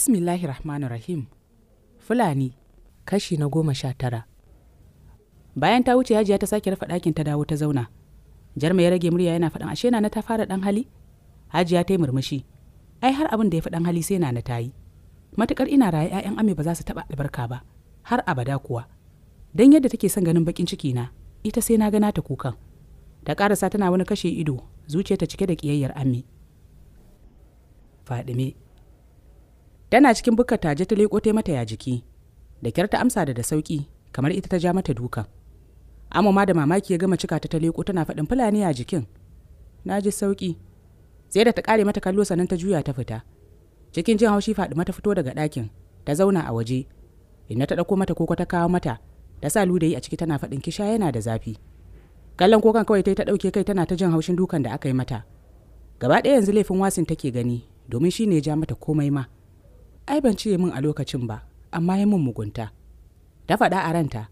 bismillahi rahim fulani kashi na goma sha tara bayan ta wuce hajiya ta sake rufe ɗakin ta dawo ta zauna jarma ya rage murya yana faɗin ashe na ta fara ɗan hali hajiya ta yi murmushi ai har abin da ya fi ɗan hali sai na na yi matukar ina raye 'ya'yan ame ba za su taɓa albarka ba har abada kuwa don yadda take son ganin bakin ciki na ita sai na gana ta kukan ta ƙarasa tana wani kashe ido zuciyarta cike da ƙiyayyar ame fadime tana cikin bukka taje ta leko ta mata ya jiki da kyar ta amsa da da sauki kamar ita ta ja mata dukan amma ma da mamaki ya gama cika ta ta leko tana faɗin fulani ya jikin na ji sauki sai da ta kare mata kallo sannan ta juya ta fita cikin jin haushi faɗi mata fito daga ɗakin ta zauna a waje inna ta ɗauko mata koko ta kawo mata ta sa ludayi a ciki tana faɗin kisha yana da zafi kallon kokan kawai ta yi ta ɗauke kai tana ta jin haushin dukan da aka yi mata gaba ɗaya yanzu laifin wasin take gani domin shi ne ya ja mata komai ma ai ban cire min a lokacin ba amma ya mun mugunta ta faɗa a ranta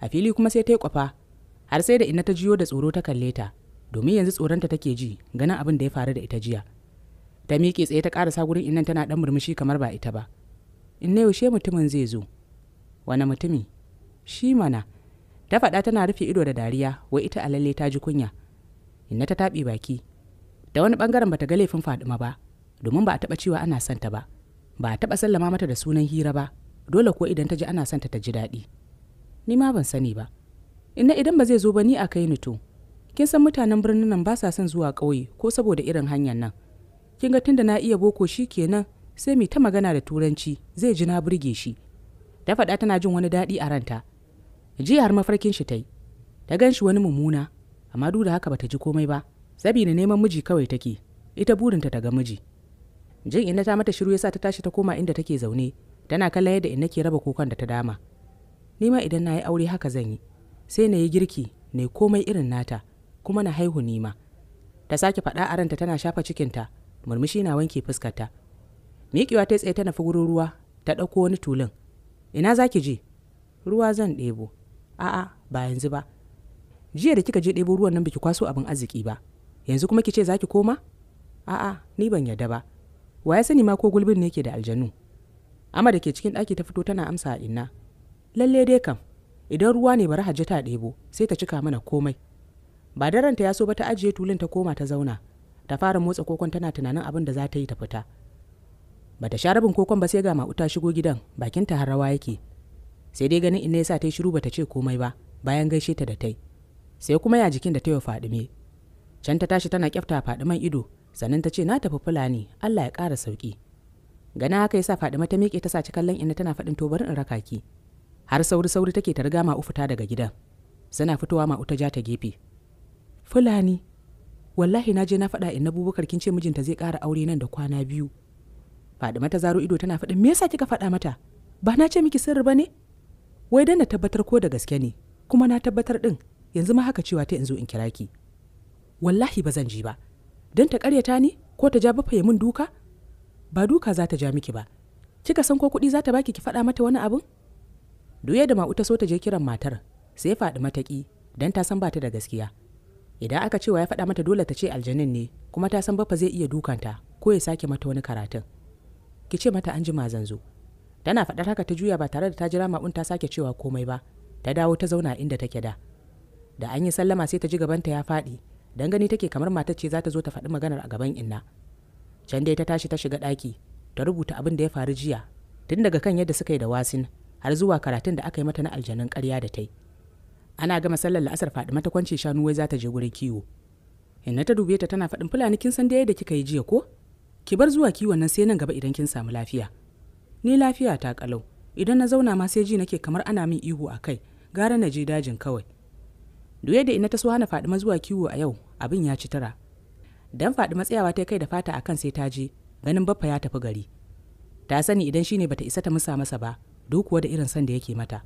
a fili kuma sai ta yi kwafa har sai da ina ta jiyo da tsoro ta kalle ta domin yanzu tsoronta take ji ganin abin da ya faru da ita jiya ta miƙe tsaye ta ƙarasa gurin inan tana ɗan murmushi kamar ba ita ba in na yaushe mutumin zai zo wani mutumi shi mana ta faɗa tana rufe ido da dariya wai ita a lalle ta ji kunya inna ta taɓe baki da wani ɓangaren bata ga laifin faduma ba domin ba a taɓa cewa ana son ta ba ba a taɓa sallama mata da sunan hira ba dole ko idan ta ji ana son ta ta ji daɗi ni ma ban sani ba inna idan ba zai zo ba ni a kai ni to kin san mutanen birnin nan ba sa son zuwa ƙauye ko saboda irin hanyar nan kin ga tunda na iya boko shi kenan sai mai ta magana da turanci zai ji na burge shi ta faɗa tana jin wani daɗi a ranta jiya har mafarkin shi ta yi ta gan shi wani mummuna amma duk da haka bata ji komai ba sabida neman miji kawai take ita burinta ta ga miji jin ina ta mata shiru yasa ta tashi ta koma inda take zaune tana kallon yadda inna ke raba kokon da ta dama ni ma idan na yi aure haka zan yi sai na yi girki na komai irin nata kuma na haihu ni ma ta sake faɗa a ranta tana shafa cikinta murmushi na wanke fuskarta miƙewa ta tsaye ta nufi wurin ruwa ta ɗauko wani tulun ina za ki je ruwa zan ɗebo a'a ba yanzu ba jiya da kika je ɗebo ruwan nan biki kwaso abin arziki ba yanzu kuma ki ce za ki koma a'a ni ban yarda ba wa ya sani ma ko gulbin ne ke da aljanu amma da ke cikin ɗaki ta fito tana amsa a inna lalle dai kam idan ruwa ne bari hajji ta debo, sai ta cika mana komai ba daren ta ya so ba ta ajiye tulun ta koma ta zauna ta fara motsa kokon tana tunanin abin da za ta yi ta fita ba ta sha rabin kokon ba sai ga mauta shigo gidan bakin ta har rawa yake sai dai ganin inna yasa ta yi shiru ba ta ce komai ba bayan gaishe ta da tai sai kuma ya jikin da ta yi faɗume can ta tashi tana kyafta faɗuman ido sannan ta ce na tafi fulani allah ya ƙara sauƙi gana haka ya sa fadima ta miƙe ta saci kallon ina tana faɗin to bari in raka ki har sauri sauri take ta riga ma'u fita daga gidan suna fitowa ma'u ta ja ta gefe fulani wallahi na je na faɗa inna bubukar kin ce mijinta zai ƙara aure nan da kwana biyu fadima ta zaro ido tana faɗin me yasa kika faɗa mata ba na ce miki sirri ba ne wai dan na tabbatar ko da gaske ne kuma na tabbatar din yanzu ma haka cewa ta in zo in kira ki wallahi ba zan ji ba don ta karyata ni ko ta ja bafa min duka ba duka za ta ja miki ba kika san ko kuɗi za ta baki ki faɗa mata wani abin duya da ma'u ta so ta je kiran matar sai ya faɗi mataki don ta san ba ta da gaskiya idan aka cewa ya faɗa mata dole ta ce aljanin ne kuma ta san bafa zai iya dukanta ko ya sake mata wani karatun ki ce mata an ji zan zo tana faɗar haka ta juya ba tare da ta jira ma'un ta sake cewa komai ba ta dawo ta zauna inda take da da an yi sallama sai ta ji gabanta ya faɗi dan gani take kamar matar ce za ta zo ta faɗi maganar a gaban inna can dai ta tashi ta shiga ɗaki ta rubuta abin da ya faru jiya tun daga kan yadda suka yi da wasin har zuwa karatun da aka yi mata na aljanun ƙarya da ta yi ana gama sallar la'asar faɗi mata kwanci shanu wai za ta je gurin kiwo inna ta dube ta tana faɗin fulani kin san da yadda kika yi jiya ko ki bar zuwa kiwon nan sai nan gaba idan kin samu lafiya ni lafiya ta kalau idan na zauna ma sai ji nake kamar ana min ihu a kai gara na je dajin kawai duye da ina ta so hana fadima zuwa kiwo a yau abin ya ci tara dan fadima tsayawa ta kai da fata akan sai ta je ganin baffa ya tafi gari ta sani idan shine bata isa ta musa masa ba duk da irin san da yake mata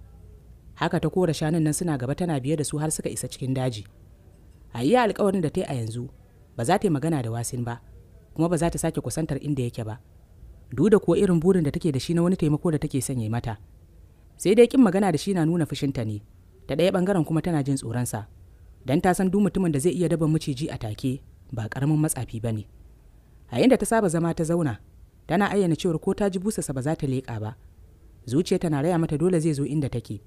haka ta kora shanun nan suna gaba tana biye da su har suka isa cikin daji a iya alkawarin da ta yi a yanzu ba za ta yi magana da wasin ba kuma ba za ta sake kusantar inda yake ba duk da kuwa irin burin da take da shi na wani taimako da take sanya mata sai dai kin magana da shi na nuna fushinta ne da ɗaya ɓangaren kuma tana jin tsoronsa don ta san duk mutumin da zai iya daba maciji a take ba ƙaramin matsafi ba ne a inda ta saba zama ta zauna tana ayyana cewar ko ta ji busasa ba za ta leƙa ba zuciya tana raya mata dole zai zo inda take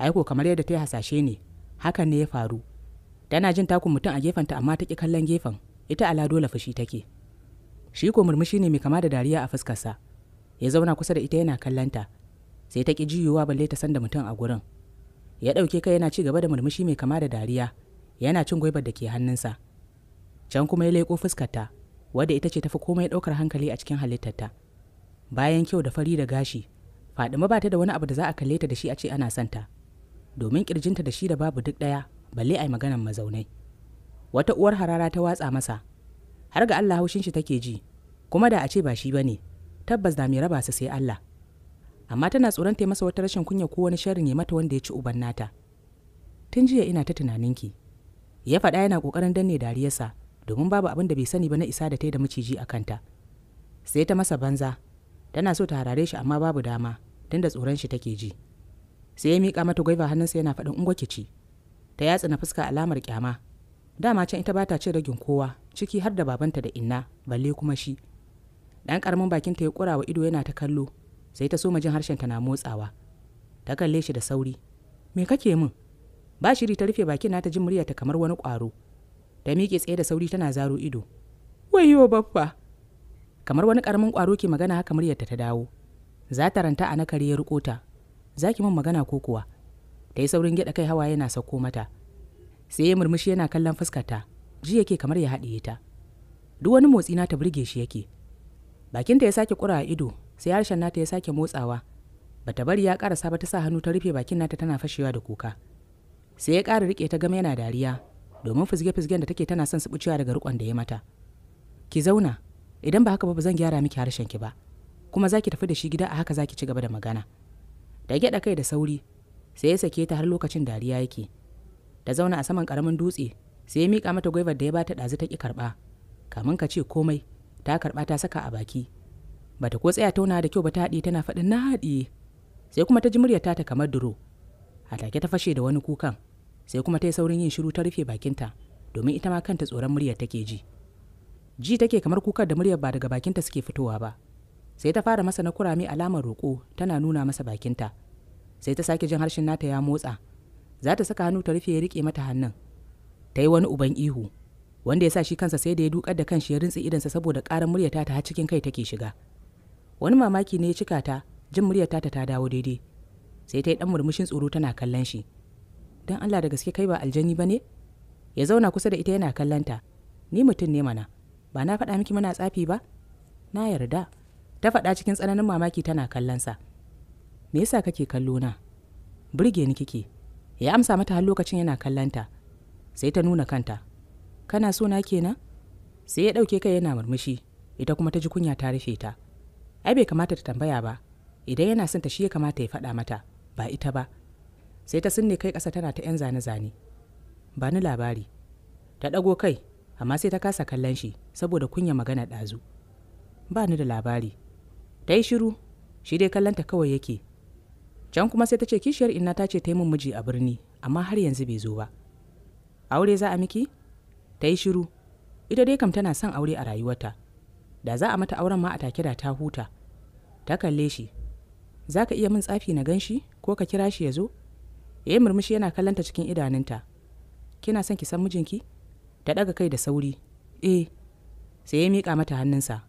aiko kamar yadda ta yi hasashe ne hakan ne ya faru tana jin takun mutum a gefenta amma ta ƙi kallon gefen ita ala dole fushi take shi ko murmushi ne mai kama da dariya a fuskarsa ya zauna kusa da ita yana kallonta sai ta ƙi jiyowa balle ta san da mutum a gurin ya ɗauke kai yana ci gaba da murmushi mai kama da dariya yana cin gwaibar da ke hannunsa can kuma ya leƙo fuskarta wadda ita ce tafi komai ɗaukar hankali a cikin halittarta bayan kyau da fari da gashi fadima ba ta da wani abu da za a kalle ta da shi a ce ana son ta domin ƙirjinta da shi da babu duk ɗaya balle a yi maganar mazaunai wata uwar harara ta watsa masa har ga Allah haushin shi take ji kuma da a ce ba shi ba ne, tabbas da mai raba su sai Allah amma tana tsoron ta masa wata rashin kunya ko wani sharrin ya mata wanda ya ci uban nata tun jiya ina ta tunaninki ya faɗa yana ƙoƙarin danne dariyarsa domin babu abin da bai sani ba na isa da ta da maciji a kanta sai ta masa banza tana so ta harare shi amma babu dama tun da tsoron shi take ji sai ya mika mata gwaiva hannunsa yana faɗin ungwa ci ta yatsa na fuska alamar kyama dama can ita bata cin ragin kowa ciki har da babanta da inna balle kuma shi ɗan ƙaramin bakinta ya ƙura wa ido yana ta kallo sai ta soma jin harshenta na motsawa ta kalle shi da sauri me kake min ba shiri ta rufe bakin nata jin muryarta kamar wani kwaro. ta miƙe tsaye da sauri tana zaro ido wayo baffa kamar wani ƙaramin kwaro ke magana haka muryarta ta dawo za ta ranta a nakare ya riko ta za ki min magana ko kuwa ta yi saurin gyaɗa kai hawa yana sauko mata sai ya murmushi yana kallon fuskarta ji yake kamar ya haɗiye ta duk wani motsi na ta burge shi yake bakinta ya sake ƙura a ido sai harshen nata ya sake motsawa ba ta bari ya karasa ba ta sa hannu ta rufe bakin nata tana fashewa da kuka sai ya kara rike ta game yana dariya domin fizge-fizgen da take tana son su bucewa daga rikon da ya mata ki zauna idan ba haka ba zan gyara miki harshen ki ba kuma za ki tafi da shi gida a haka za ki ci gaba da magana da gyaɗa kai da sauri sai ya sake ta har lokacin dariya yake ta zauna a saman karamin dutse sai ya mika mata gwaivar da ya bata ɗazu ta ƙi karɓa kamin ka ce komai ta karɓa ta saka a baki Bata ko tsaya tauna da kyau ba ta haɗi tana faɗin na haɗi sai kuma ta ji muryar ta kamar duro a take ta fashe da wani kukan sai kuma ta yi saurin yin shiru ta rufe bakinta domin ita ma kanta tsoron muryar take ji ji take kamar kukar da muryar ba daga bakinta suke fitowa ba sai ta fara masa na kurame alamar roƙo tana nuna masa bakinta sai ta sake jin harshen nata ya motsa za ta saka hannu ta rufe ya riƙe mata hannun ta yi wani uban ihu wanda ya sa shi kansa sai da ya dukar da kanshi ya rintsi idansa saboda ƙarar muryata ta har cikin kai take shiga wani mamaki ne ya cika ta jin muryar ta ta dawo daidai sai ta yi dan murmushin tsoro tana kallon shi dan Allah da gaske kai ba aljani ba ne ya zauna kusa da ita yana kallon ta ni mutum ne mana ba na faɗa miki muna tsafi ba na yarda ta faɗa cikin tsananin mamaki tana kallon sa me yasa kake kallo na burge ni kike ya amsa mata har lokacin yana kallon ta sai ta nuna kanta kana so na kenan sai ya ɗauke kai yana murmushi ita kuma ta ji kunya ta rufe ta ai bai kamata ta tambaya ba idan yana son ta shi ya kamata ya faɗa mata ba ita ba sai ta sinne kai ƙasa tana ta 'yan zane-zane ba ni labari ta ɗago kai amma sai ta kasa kallon shi saboda kunya magana ɗazu ba ni da labari ta yi shiru shi dai kallonta kawai yake can kuma sai ta ce kishiyar inna ta ce ta yi min miji a birni amma har yanzu bai zo ba aure za a miki ta yi shiru ita dai kam tana son aure a rayuwarta da za a mata auren ma a take da ta huta ta kalle shi za ka iya min tsafi na ganshi ko ka kira shi ya zo ya murmushi yana kallanta cikin idanunta kina son ki san mijinki ta ɗaga kai da sauri E, sai ya mika mata hannunsa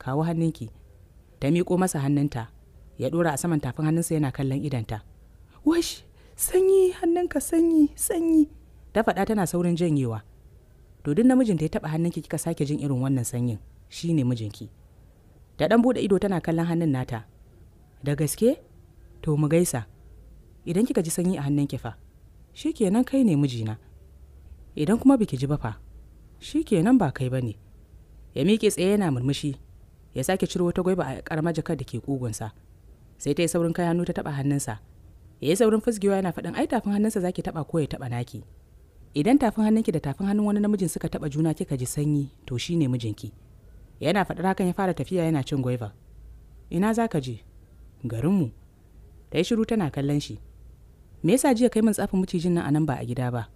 kawo hannunki ta miƙo masa hannunta ya ɗora a saman tafin hannunsa yana kallon idanta wash sanyi hannunka sanyi sanyi ta faɗa tana saurin janyewa to duk namijin ya taɓa hannunki kika sake jin irin wannan sanyin shi ne mijinki da ɗan buɗe ido tana kallon hannun nata da gaske to mu gaisa idan kika ji sanyi a hannunki fa shi kenan kai ne mijina idan kuma biki ji ba fa shi kenan ba kai ba ne ya miƙe tsaye yana murmushi ya sake ciro wata gwaiba a ƙaramar jakar da ke ƙugunsa sai ta yi saurin kai hannu ta taɓa hannunsa ya yi saurin fusgewa yana faɗin ai tafin hannunsa za ki taɓa ko ya taɓa naki idan tafin hannunki da tafin hannun wani namijin suka taɓa juna kika ji sanyi to shi ne mijinki yana faɗar hakan ya fara tafiya yana cin gwaiva ina za ka je garinmu ta yi shiru tana kallon shi me yasa jiya kai min tsafin macijin nan a nan ba a gida ba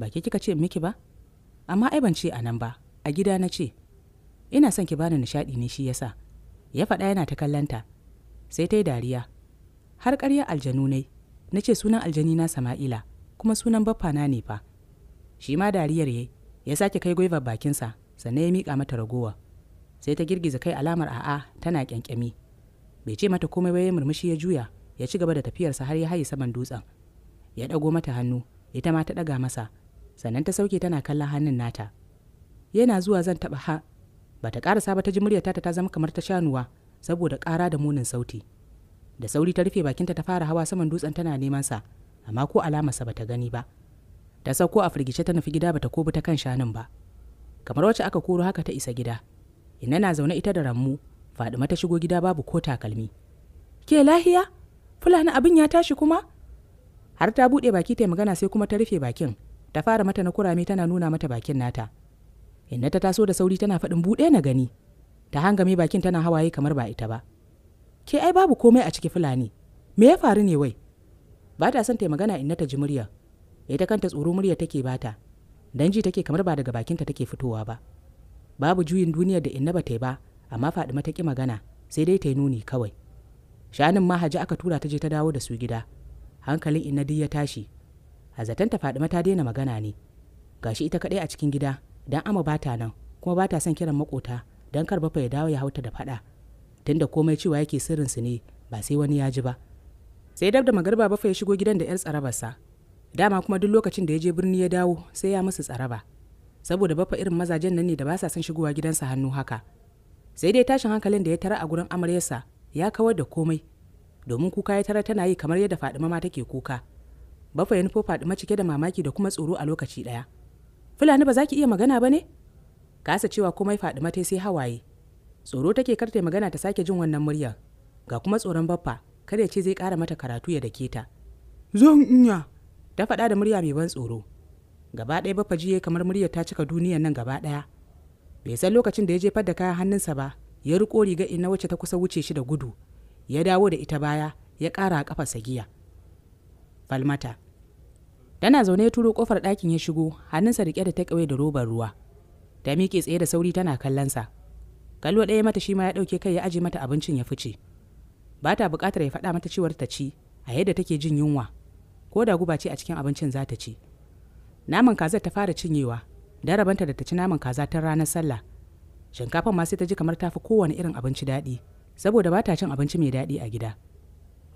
ba ke kika ce miki ba amma ai ban ce a nan ba a gida na ce ina son ki bani nishaɗi ne shi yasa ya faɗa yana ta kallanta sai ta yi dariya har ƙarya aljanu ne na ce sunan aljani na sama'ila kuma sunan baffana ne fa shi ma dariyar ya sake kai gwaivar bakinsa sannan ya miƙa mata ragowa sai ta girgiza kai alamar a'a tana kyankyami bai ce mata komai ba ya murmushi ya juya ya ci gaba da tafiyarsa har ya haye saman dutsen ya ɗago mata hannu ita ma ta ɗaga masa sannan ta sauke tana kallon hannun nata yana zuwa zan taɓa ha ba ta ƙarasa ba ta ji muryata ta zama kamar ta shanuwa saboda ƙara da munin sauti da sauri ta rufe bakinta ta fara hawa saman dutsen tana neman sa amma ko alamarsa ba ta gani ba ta sauko a firgice ta nufi gida bata ta kobi ta kan shanun ba kamar wacce aka koro haka ta isa gida Inna na zaune ita da rammu, Fadima ta shigo gida babu ko takalmi. Ke lahiya? Fulani abin ya tashi kuma? Har ta buɗe baki ta magana sai kuma ta rufe bakin, ta fara mata na kurame tana nuna mata bakin nata. Inna ta taso da sauri tana faɗin buɗe na gani. Ta hangame bakin tana hawaye kamar ba ita ba. Ke ai babu komai a ciki Fulani. Me ya faru ne wai? Ba ta son ta magana inna ta ji murya. Ita kanta tsoro murya take bata. Danji take kamar ba daga bakinta take fitowa ba. babu juyin duniyar da inna ta yi ba amma fadima ta ki magana sai dai ta yi nuni kawai shanin mahaji aka tura ta je ta dawo da su gida hankalin inna duk ya tashi a ta fadima ta daina magana ne gashi ita kadai a cikin gida dan ama ta nan kuma ba ta son kiran makota dan kar bafa ya dawo ya hauta da faɗa tunda komai cewa yake sirrin su ne ba sai wani ya ji ba sai dab da magarba bafa ya shigo gidan da yar tsarabarsa dama kuma duk lokacin da ya je birni ya dawo sai ya musu tsaraba saboda bafa irin mazajen nan ne da ba sa son shigowa gidansa hannu haka sai dai tashin hankalin da ya tara a gurin amaryarsa ya kawar da komai domin kuka ya tara tana yi kamar yadda fadima ma take kuka bafa ya nufo fadima cike da mamaki da kuma tsoro a lokaci daya fulani ba za ki iya magana ba ne kasa cewa komai fadima ta sai hawaye tsoro take karta magana ta sake jin wannan muryar ga kuma tsoron baffa kada ya ce zai kara mata karatu ya dake ta zan iya ta faɗa da murya mai ban tsoro gaba ɗaya bafa jiye kamar muryar ta cika duniyan nan gaba ɗaya bai san lokacin da ya jefar da kayan hannunsa ba ya riko riga ina wacce ta kusa wuce shi da gudu ya dawo da ita baya ya ƙara a ƙafarsa giya falmata tana zaune ya turo ƙofar ɗakin ya shigo hannunsa riƙe da takewe da robar ruwa ta miƙe tsaye da sauri tana kallonsa kallo ɗaya mata shi ma ya ɗauke kai ya aje mata abincin ya fice ba ta buƙatar ya faɗa mata cewar ta ci a yadda take jin yunwa ko da guba ce a cikin abincin za ta ci naman kaza ta fara cinyewa da rabanta da ta ci naman kaza ta ranar sallah shinkafan ma sai ta ji kamar ta fi kowane irin abinci daɗi saboda ba ta cin abinci mai daɗi a gida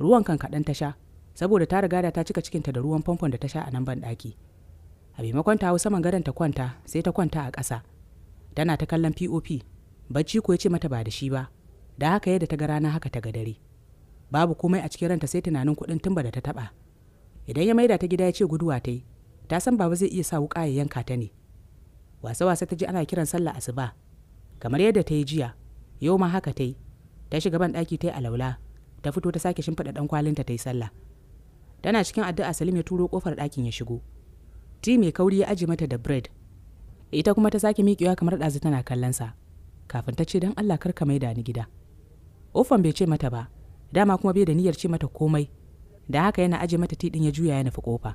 ruwan kan kaɗan ta sha saboda ta riga da ta cika cikinta da ruwan famfon da ta sha a nan banɗaki a maimakon ta hau saman gadon ta kwanta sai ta kwanta a ƙasa tana ta kallon pop bacci ko ya ce mata ba da shi ba da haka yadda ta ga rana haka ta ga dare babu komai a cikin ranta sai tunanin kuɗin ba da ta taɓa idan ya maida ta gida ya ce guduwa ta yi ta san baba zai iya sa wuƙa ya yanka ta ne wasa wasa ta ji ana kiran sallah asuba kamar yadda ta yi jiya yau ma haka ta yi ta shiga ban ɗaki ta yi alaula ta fito ta sake shimfiɗa ɗan kwalinta ta yi sallah tana cikin addu'a salim ya turo ƙofar ɗakin ya shigo ti mai kauri ya aji mata da bread ita kuma ta sake miƙewa kamar ɗazu tana kallon sa kafin ta ce don allah kar ka maida ni gida ofan bai ce mata ba dama kuma bai da niyyar ce mata komai da haka yana aje mata tiɗin ya juya ya nufi kofa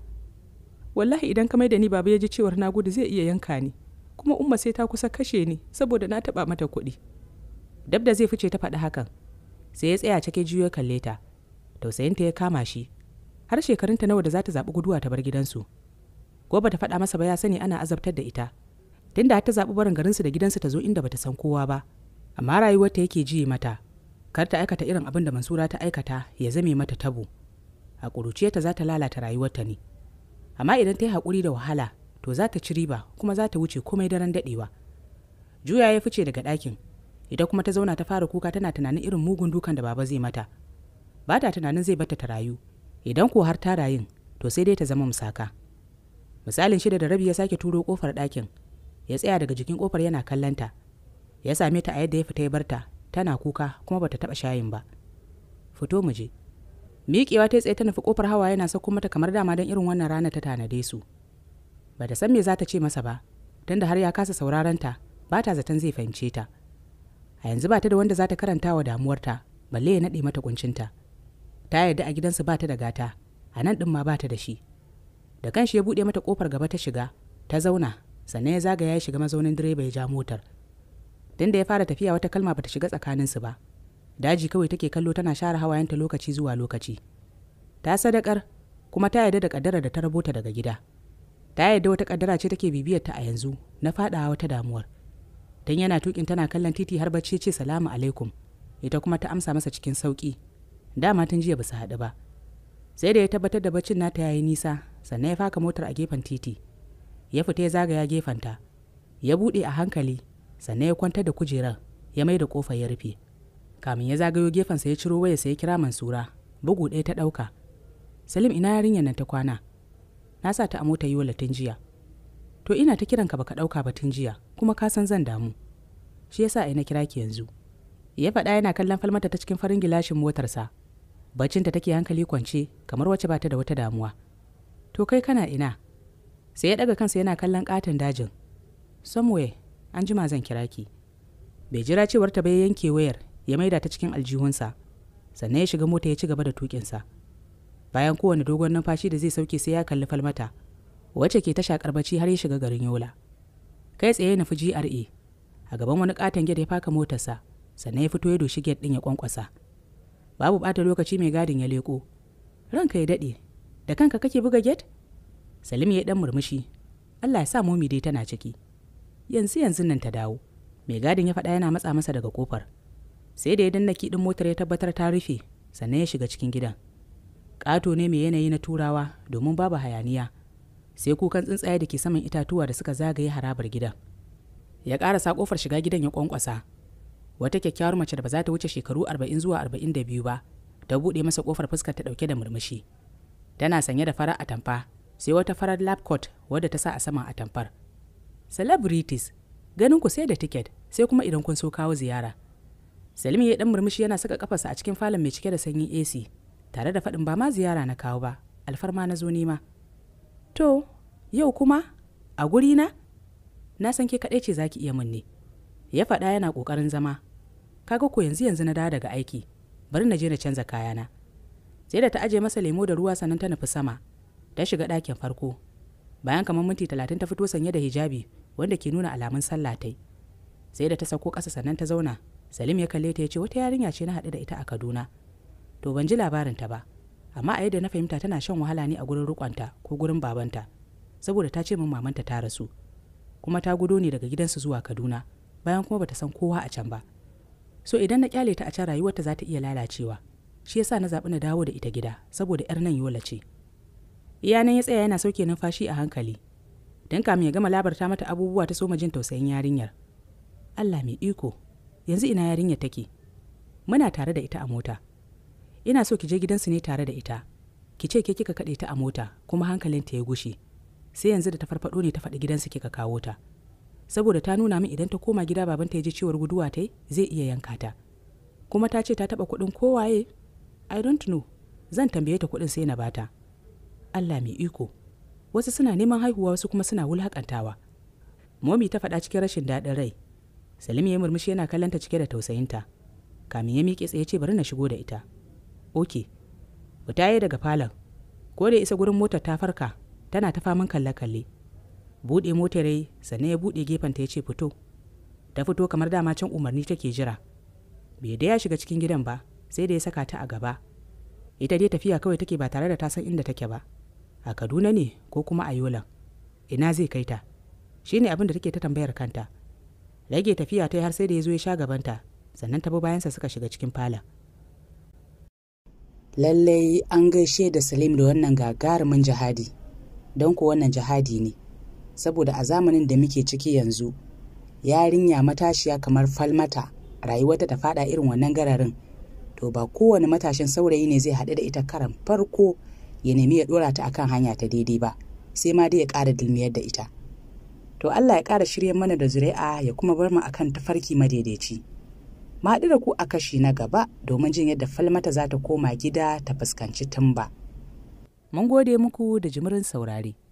wallahi idan ka mai da ni baba ya ji cewar na gudu zai iya yanka ni kuma umma sai ta kusa kashe ni saboda na taba mata kuɗi dab da zai fice ta faɗi hakan sai ya tsaya cike juyo kalle ta tausayinta ya kama shi har shekarunta nawa da za ta zaɓi guduwa ta bar gidansu ko bata faɗa masa ba ya sani ana azabtar da ita tun da ta zaɓi barin garinsu da gidansu ta zo inda bata san kowa ba amma rayuwarta yake jiye mata kar ta aikata irin abin da mansura ta aikata ya zame mata tabo a ƙuruciyarta za ta lalata rayuwarta ne amma idan ta yi haƙuri da wahala to za ta ci riba kuma za ta wuce komai daren daɗewa juya ya fice daga ɗakin ita kuma ta zauna ta fara kuka tana tunanin irin mugun dukan da baba zai mata ba ta tunanin zai bata ta rayu idan ko har ta rayun to sai dai ta zama musaka misalin shida da rabi ya sake turo kofar ɗakin ya tsaya daga jikin kofar yana kallanta ya same ta a yadda ya fita ya barta tana kuka kuma bata taɓa shayin ba fito mu je miƙewa ta tsaye ta nufi kofar hawa yana sauko mata kamar dama don irin wannan rana ta tanade su ba da san me za ta ce masa ba don da har ya kasa sauraron ta ba ta zaton zai fahimce ta a yanzu ba ta da wanda za ta karanta wa damuwarta balle ya naɗe mata kuncinta ta yarda a gidansu ba ta da gata a nan ɗin ma ba ta da shi da kanshi ya buɗe mata kofar gaba ta shiga ta zauna sannan ya zagaya ya shiga mazaunin direba ya ja motar tun da ya fara tafiya wata kalma bata shiga tsakaninsu ba daji kawai take kallo tana share hawayenta lokaci zuwa lokaci ta sadakar kuma ta yarda da kaddara da ta rabota daga gida ta yarda wata kaddara ce take bibiyar ta a yanzu na fadawa wata damuwar dan yana tukin tana kallon titi har bacci ce salamu alaikum ita kuma ta amsa masa cikin sauki dama tun jiya basu haɗu ba sai da ya tabbatar da baccin nata yayi nisa sannan ya faka motar a gefen titi ya fita ya zagaya gefen ta ya buɗe a hankali sannan ya kwantar da kujerar ya mai da ƙofa ya rufe kamin ya zagayo gefen sa ya ciro wayarsa ya kira mansura bugu ɗaya ta ɗauka salim ina yarinyar nan ta kwana na sa ta a mota yola tun jiya to ina ta kiranka baka ɗauka ba tun jiya kuma ka san zan damu shi yasa ai na kira ki yanzu ya faɗa yana kallon falmata ta cikin farin gilashin motarsa bacinta take hankali kwance kamar wacce bata da wata damuwa to kai kana ina sai ya daga kansa yana kallon ƙaton dajin somewhere an jima zan kira ki bai jira cewar ta bai yanke wayar ya maida ta cikin aljihunsa sannan ya shiga mota ya ci gaba da tukinsa bayan kowane dogon numfashi da zai sauke sai ya kalli falmata wacce ke ta shakar bacci har ya shiga garin yola kai tsaye ya nufi GRA a gaban wani katon gida ya faka motarsa sannan ya fito ya doshi gate din ya kwankwasa babu bata lokaci mai gadin ya leko ranka ya dade da kanka kake buga gate Salim ya dan murmushi Allah ya sa momi dai tana ciki yanzu yanzu nan ta dawo mai gadin ya faɗa yana matsa masa daga kofar sai da ya danna kiɗin motar ya tabbatar ta rufe sannan ya shiga cikin gidan ƙato ne mai yanayi na turawa domin babu hayaniya sai kukan tsuntsaye da ke saman itatuwa da suka zagaye harabar gidan ya ƙarasa ƙofar shiga gidan ya ƙwanƙwasa wata kyakkyawar mace da ba za ta wuce shekaru arba'in zuwa arba'in da biyu ba ta buɗe masa ƙofar fuskar ta ɗauke da murmushi tana sanye da farar atamfa sai wata farar lab coat wadda ta sa a saman atamfar celebrities ganin ku sai da ticket sai kuma idan kun so kawo ziyara salim ya dan murmushi yana saka kafarsa a cikin falon mai cike da sanyin ac tare da faɗin ba ma ziyara na kawo ba alfarma na zo nema to yau kuma a guri na na san ke kaɗai ce za ki iya mun ne ya faɗa yana ƙoƙarin zama kaga ko yanzu yanzu na dawo daga aiki bari na je na canza kayana sai da ta aje masa lemo da ruwa sannan ta nufi sama ta shiga ɗakin farko bayan kamar minti talatin ta fito sanye da hijabi wanda ke nuna alamun sallah tai sai da ta sauko ƙasa sannan ta zauna salim ya kalle ta ya ce wata yarinya ce na haɗu da ita a kaduna to ban ji labarin ta ba amma a yadda na fahimta tana shan wahala ne a gurin rukonta ko gurin babanta saboda ta ce min mamanta ta rasu kuma ta gudo ne daga gidansu zuwa kaduna bayan kuma bata san kowa a can ba so idan na kyale ta a can rayuwarta za ta iya lalacewa shi yasa na zaɓi na dawo da ita gida saboda 'yar nan yola ce iyanan ya tsaya yana sauke numfashi a hankali don kamin ya gama labarta mata abubuwa ta soma jin tausayin yarinyar Allah mai iko yanzu ina yarinya take muna tare da ita a mota ina so ki je gidansu ne tare da ita ki ce ke kika kaɗe ta a mota kuma hankalin ta ya gushe sai yanzu da ta farfaɗo ne ta faɗi gidansu kika kawo ta saboda ta nuna min idan ta koma gida babanta ya ji ciwar guduwa ta zai iya yanka ta kuma ta ce ta taɓa kuɗin kowaye i don't know zan tambaye ta kuɗin sai na bata allah mai iko wasu suna neman haihuwa wasu kuma suna wulhakantawa momi ta faɗa cikin rashin daɗin rai salim ya murmushi yana kallonta cike da tausayinta kamin ya miƙe tsaye ce bari na shigo da ita ok fita yi daga falon ko da isa gurin motar ta farka tana ta faman kalle-kalle buɗe motar yi sannan ya buɗe gefenta ya ce fito ta fito kamar dama can umarni take jira bai da ya shiga cikin gidan ba sai da ya saka ta a gaba ita dai tafiya kawai take ba tare da ta san inda take ba a kaduna ne ko kuma a yola ina zai kai ta shi ne abin da take ta tambayar kanta rage tafiya ta har sai da ya zo ya sha gabanta sannan ta bi bayansa suka shiga cikin fala lallai an gaishe da salim da wannan gagarumin jihadi don ko wannan jihadi ne saboda a zamanin da muke ciki yanzu yarinya matashiya kamar falmata rayuwarta ta fada irin wannan gararin to ba kowane matashin saurayi ne zai haɗu da ita karan farko ya nemi ya ɗora ta akan hanya ta daidai ba sai ma dai ya ƙara dilmiyar da ita to Allah ya ƙara shirya mana da zuri'a ya kuma bar mu akan tafarki madaidaici. Maɗi da ku a kashi na gaba domin jin yadda falmata za ta koma gida ta fuskanci tumba. Mun gode muku da jimirin saurare.